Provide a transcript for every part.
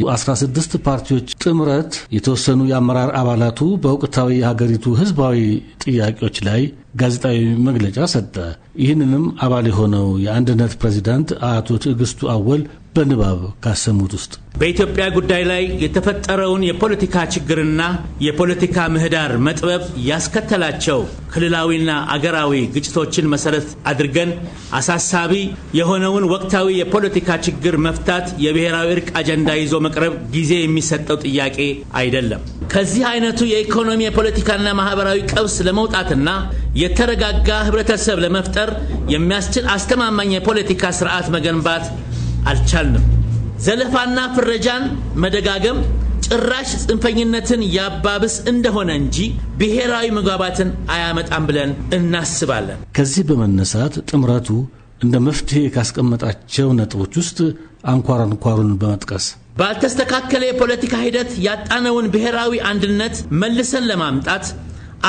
የ16 ፓርቲዎች ጥምረት የተወሰኑ የአመራር አባላቱ በወቅታዊ የሀገሪቱ ህዝባዊ ጥያቄዎች ላይ ጋዜጣዊ መግለጫ ሰጠ። ይህንንም አባል የሆነው የአንድነት ፕሬዚዳንት አቶ ትዕግስቱ አወል በንባብ ካሰሙት ውስጥ በኢትዮጵያ ጉዳይ ላይ የተፈጠረውን የፖለቲካ ችግርና የፖለቲካ ምህዳር መጥበብ ያስከተላቸው ክልላዊና አገራዊ ግጭቶችን መሰረት አድርገን አሳሳቢ የሆነውን ወቅታዊ የፖለቲካ ችግር መፍታት የብሔራዊ እርቅ አጀንዳ ይዞ መቅረብ ጊዜ የሚሰጠው ጥያቄ አይደለም። ከዚህ አይነቱ የኢኮኖሚ የፖለቲካና ማህበራዊ ቀውስ ለመውጣትና የተረጋጋ ህብረተሰብ ለመፍጠር የሚያስችል አስተማማኝ የፖለቲካ ስርዓት መገንባት አልቻልንም። ዘለፋና ፍረጃን መደጋገም ጭራሽ ጽንፈኝነትን ያባብስ እንደሆነ እንጂ ብሔራዊ መግባባትን አያመጣም ብለን እናስባለን። ከዚህ በመነሳት ጥምረቱ እንደ መፍትሄ ካስቀመጣቸው ነጥቦች ውስጥ አንኳር አንኳሩን በመጥቀስ ባልተስተካከለ የፖለቲካ ሂደት ያጣነውን ብሔራዊ አንድነት መልሰን ለማምጣት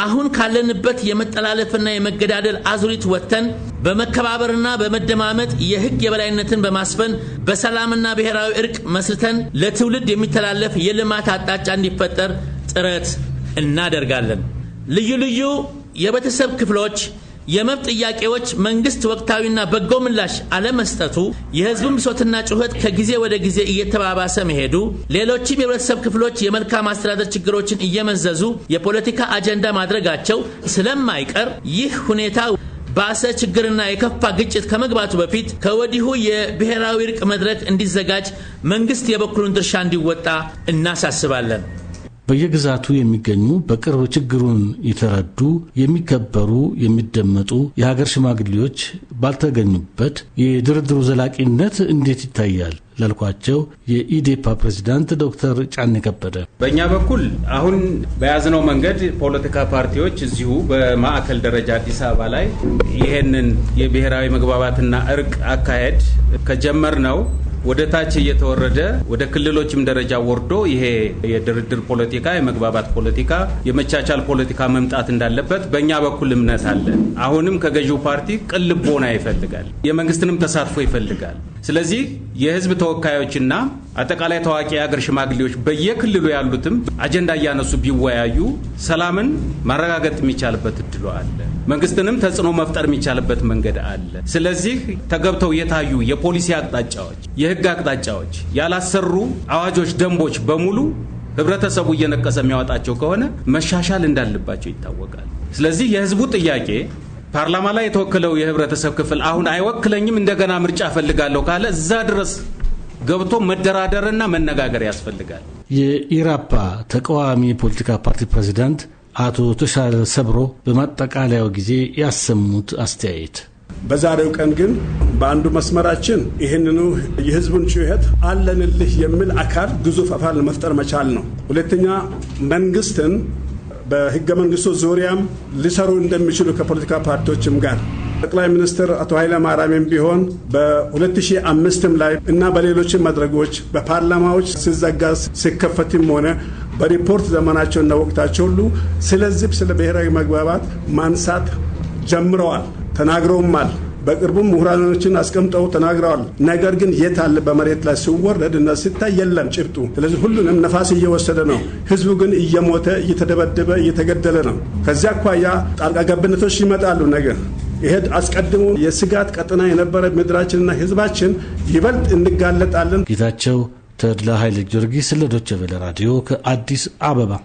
አሁን ካለንበት የመጠላለፍና የመገዳደል አዙሪት ወጥተን በመከባበርና በመደማመጥ የህግ የበላይነትን በማስፈን በሰላምና ብሔራዊ እርቅ መስርተን ለትውልድ የሚተላለፍ የልማት አቅጣጫ እንዲፈጠር ጥረት እናደርጋለን። ልዩ ልዩ የቤተሰብ ክፍሎች የመብት ጥያቄዎች መንግስት ወቅታዊና በጎ ምላሽ አለመስጠቱ፣ የህዝቡን ብሶትና ጩኸት ከጊዜ ወደ ጊዜ እየተባባሰ መሄዱ፣ ሌሎችም የህብረተሰብ ክፍሎች የመልካም አስተዳደር ችግሮችን እየመዘዙ የፖለቲካ አጀንዳ ማድረጋቸው ስለማይቀር ይህ ሁኔታ ባሰ ችግርና የከፋ ግጭት ከመግባቱ በፊት ከወዲሁ የብሔራዊ እርቅ መድረክ እንዲዘጋጅ መንግስት የበኩሉን ድርሻ እንዲወጣ እናሳስባለን። በየግዛቱ የሚገኙ በቅርብ ችግሩን የተረዱ የሚከበሩ፣ የሚደመጡ የሀገር ሽማግሌዎች ባልተገኙበት የድርድሩ ዘላቂነት እንዴት ይታያል? ላልኳቸው የኢዴፓ ፕሬዚዳንት ዶክተር ጫኔ ከበደ በእኛ በኩል አሁን በያዝነው መንገድ ፖለቲካ ፓርቲዎች እዚሁ በማዕከል ደረጃ አዲስ አበባ ላይ ይሄንን የብሔራዊ መግባባትና እርቅ አካሄድ ከጀመር ነው ወደ ታች እየተወረደ ወደ ክልሎችም ደረጃ ወርዶ ይሄ የድርድር ፖለቲካ፣ የመግባባት ፖለቲካ፣ የመቻቻል ፖለቲካ መምጣት እንዳለበት በእኛ በኩል እምነት አለ። አሁንም ከገዢው ፓርቲ ቅልቦና ይፈልጋል። የመንግስትንም ተሳትፎ ይፈልጋል። ስለዚህ የህዝብ ተወካዮችና አጠቃላይ ታዋቂ የአገር ሽማግሌዎች በየክልሉ ያሉትም አጀንዳ እያነሱ ቢወያዩ ሰላምን ማረጋገጥ የሚቻልበት እድሉ አለ። መንግስትንም ተጽዕኖ መፍጠር የሚቻልበት መንገድ አለ። ስለዚህ ተገብተው የታዩ የፖሊሲ አቅጣጫዎች፣ የህግ አቅጣጫዎች፣ ያላሰሩ አዋጆች፣ ደንቦች በሙሉ ህብረተሰቡ እየነቀሰ የሚያወጣቸው ከሆነ መሻሻል እንዳለባቸው ይታወቃል። ስለዚህ የህዝቡ ጥያቄ ፓርላማ ላይ የተወከለው የህብረተሰብ ክፍል አሁን አይወክለኝም እንደገና ምርጫ እፈልጋለሁ ካለ እዛ ድረስ ገብቶ መደራደርና መነጋገር ያስፈልጋል። የኢራፓ ተቃዋሚ የፖለቲካ ፓርቲ ፕሬዚዳንት አቶ ተሻለ ሰብሮ በማጠቃለያው ጊዜ ያሰሙት አስተያየት በዛሬው ቀን ግን በአንዱ መስመራችን ይህንኑ የህዝቡን ጩኸት አለንልህ የሚል አካል ግዙፍ አካል መፍጠር መቻል ነው። ሁለተኛ መንግስትን በህገ መንግስቱ ዙሪያም ሊሰሩ እንደሚችሉ ከፖለቲካ ፓርቲዎችም ጋር ጠቅላይ ሚኒስትር አቶ ኃይለ ማርያምም ቢሆን በ2005ም ላይ እና በሌሎች መድረጎች በፓርላማዎች ሲዘጋ ሲከፈትም ሆነ በሪፖርት እና ወቅታቸው ሁሉ ስለዚህ ስለ ብሔራዊ መግባባት ማንሳት ጀምረዋል፣ ተናግረውማል። በቅርቡም ምሁራኖችን አስቀምጠው ተናግረዋል። ነገር ግን የት አለ በመሬት ላይ ሲወረድ እና ሲታይ የለም ጭብጡ። ስለዚህ ሁሉንም ነፋስ እየወሰደ ነው። ህዝቡ ግን እየሞተ እየተደበደበ እየተገደለ ነው። ከዚያ አኳያ ጣልቃ ገብነቶች ይመጣሉ ነገ ይሄድ አስቀድሞ የስጋት ቀጠና የነበረ ምድራችንና ህዝባችን ይበልጥ እንጋለጣለን። ጌታቸው ተድላ ኃይለ ጊዮርጊስ ለዶቸቬለ ራዲዮ ከአዲስ አበባ